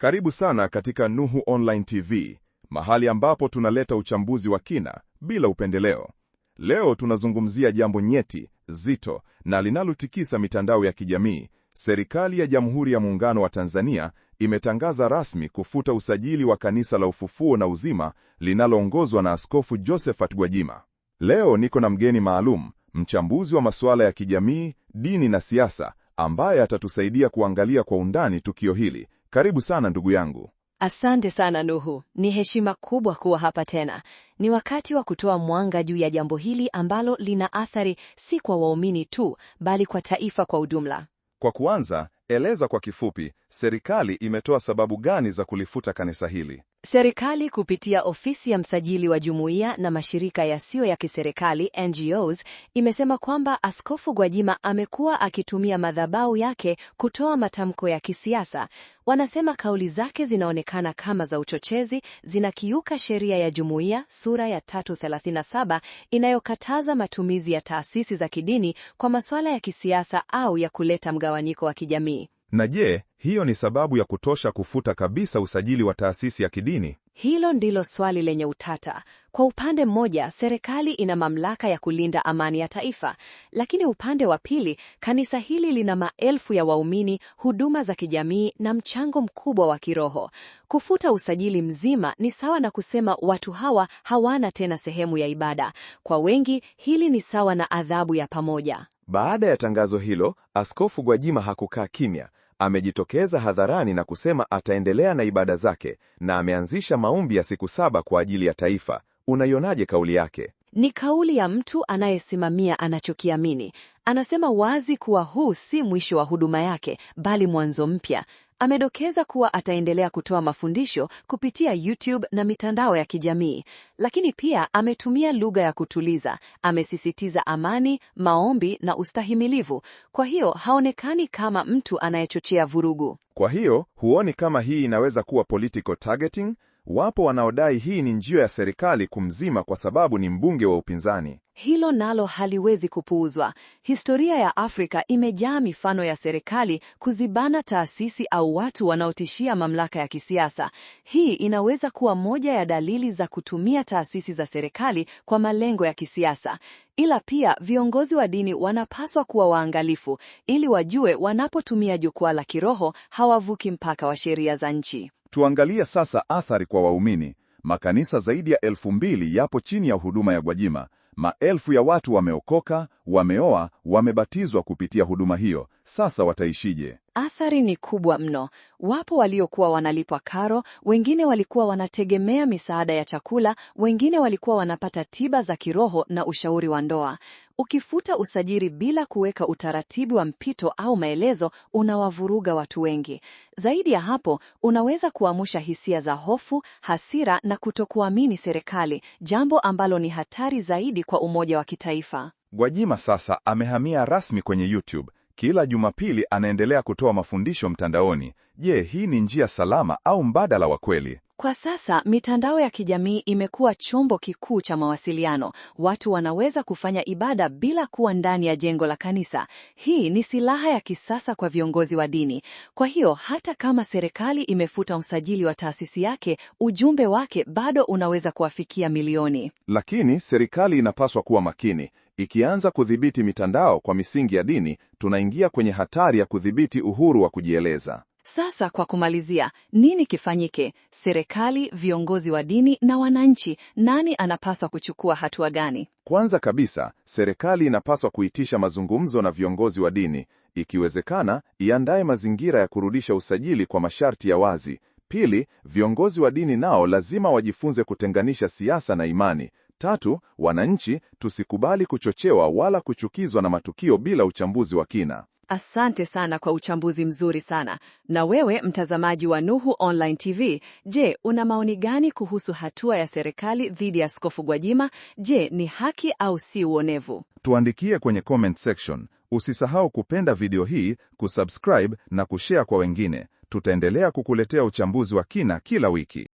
Karibu sana katika Nuhu Online TV, mahali ambapo tunaleta uchambuzi wa kina bila upendeleo. Leo tunazungumzia jambo nyeti, zito na linalotikisa mitandao ya kijamii. Serikali ya Jamhuri ya Muungano wa Tanzania imetangaza rasmi kufuta usajili wa Kanisa la Ufufuo na Uzima linaloongozwa na Askofu Josephat Gwajima. Leo niko na mgeni maalum, mchambuzi wa masuala ya kijamii, dini na siasa, ambaye atatusaidia kuangalia kwa undani tukio hili karibu sana ndugu yangu. Asante sana Nuhu, ni heshima kubwa kuwa hapa tena. Ni wakati wa kutoa mwanga juu ya jambo hili ambalo lina athari si kwa waumini tu, bali kwa taifa kwa ujumla. Kwa kuanza, eleza kwa kifupi, serikali imetoa sababu gani za kulifuta kanisa hili? Serikali kupitia ofisi ya msajili wa jumuiya na mashirika yasiyo ya kiserikali NGOs imesema kwamba Askofu Gwajima amekuwa akitumia madhabahu yake kutoa matamko ya kisiasa. Wanasema kauli zake zinaonekana kama za uchochezi, zinakiuka sheria ya jumuiya sura ya 337 inayokataza matumizi ya taasisi za kidini kwa masuala ya kisiasa au ya kuleta mgawanyiko wa kijamii. Na je, hiyo ni sababu ya kutosha kufuta kabisa usajili wa taasisi ya kidini? Hilo ndilo swali lenye utata. Kwa upande mmoja, serikali ina mamlaka ya kulinda amani ya taifa, lakini upande wa pili, kanisa hili lina maelfu ya waumini, huduma za kijamii na mchango mkubwa wa kiroho. Kufuta usajili mzima ni sawa na kusema watu hawa hawana tena sehemu ya ibada. Kwa wengi, hili ni sawa na adhabu ya pamoja. Baada ya tangazo hilo, Askofu Gwajima hakukaa kimya. Amejitokeza hadharani na kusema ataendelea na ibada zake na ameanzisha maombi ya siku saba kwa ajili ya taifa. Unaionaje kauli yake? Ni kauli ya mtu anayesimamia anachokiamini, Anasema wazi kuwa huu si mwisho wa huduma yake bali mwanzo mpya. Amedokeza kuwa ataendelea kutoa mafundisho kupitia YouTube na mitandao ya kijamii, lakini pia ametumia lugha ya kutuliza. Amesisitiza amani, maombi na ustahimilivu. Kwa hiyo haonekani kama mtu anayechochea vurugu. Kwa hiyo huoni kama hii inaweza kuwa political targeting? Wapo wanaodai hii ni njia ya serikali kumzima kwa sababu ni mbunge wa upinzani. Hilo nalo haliwezi kupuuzwa. Historia ya Afrika imejaa mifano ya serikali kuzibana taasisi au watu wanaotishia mamlaka ya kisiasa. Hii inaweza kuwa moja ya dalili za kutumia taasisi za serikali kwa malengo ya kisiasa. Ila pia viongozi wa dini wanapaswa kuwa waangalifu ili wajue wanapotumia jukwaa la kiroho hawavuki mpaka wa sheria za nchi. Tuangalie sasa athari kwa waumini. Makanisa zaidi ya elfu mbili yapo chini ya huduma ya Gwajima. Maelfu ya watu wameokoka, wameoa, wamebatizwa kupitia huduma hiyo, sasa wataishije? Athari ni kubwa mno. Wapo waliokuwa wanalipwa karo, wengine walikuwa wanategemea misaada ya chakula, wengine walikuwa wanapata tiba za kiroho na ushauri wa ndoa. Ukifuta usajili bila kuweka utaratibu wa mpito au maelezo, unawavuruga watu wengi. Zaidi ya hapo, unaweza kuamsha hisia za hofu, hasira na kutokuamini serikali, jambo ambalo ni hatari zaidi kwa umoja wa kitaifa. Gwajima sasa amehamia rasmi kwenye YouTube. Kila Jumapili anaendelea kutoa mafundisho mtandaoni. Je, hii ni njia salama au mbadala wa kweli? Kwa sasa mitandao ya kijamii imekuwa chombo kikuu cha mawasiliano. Watu wanaweza kufanya ibada bila kuwa ndani ya jengo la kanisa. Hii ni silaha ya kisasa kwa viongozi wa dini. Kwa hiyo hata kama serikali imefuta usajili wa taasisi yake, ujumbe wake bado unaweza kuwafikia milioni. Lakini serikali inapaswa kuwa makini. Ikianza kudhibiti mitandao kwa misingi ya dini, tunaingia kwenye hatari ya kudhibiti uhuru wa kujieleza. Sasa kwa kumalizia, nini kifanyike? Serikali, viongozi wa dini na wananchi, nani anapaswa kuchukua hatua gani? Kwanza kabisa, serikali inapaswa kuitisha mazungumzo na viongozi wa dini. Ikiwezekana, iandae mazingira ya kurudisha usajili kwa masharti ya wazi. Pili, viongozi wa dini nao lazima wajifunze kutenganisha siasa na imani. Tatu, wananchi tusikubali kuchochewa wala kuchukizwa na matukio bila uchambuzi wa kina. Asante sana kwa uchambuzi mzuri sana. Na wewe mtazamaji wa Nuhu Online TV, je, una maoni gani kuhusu hatua ya serikali dhidi ya Askofu Gwajima? Je, ni haki au si uonevu? Tuandikie kwenye comment section. Usisahau kupenda video hii, kusubscribe na kushare kwa wengine. Tutaendelea kukuletea uchambuzi wa kina kila wiki.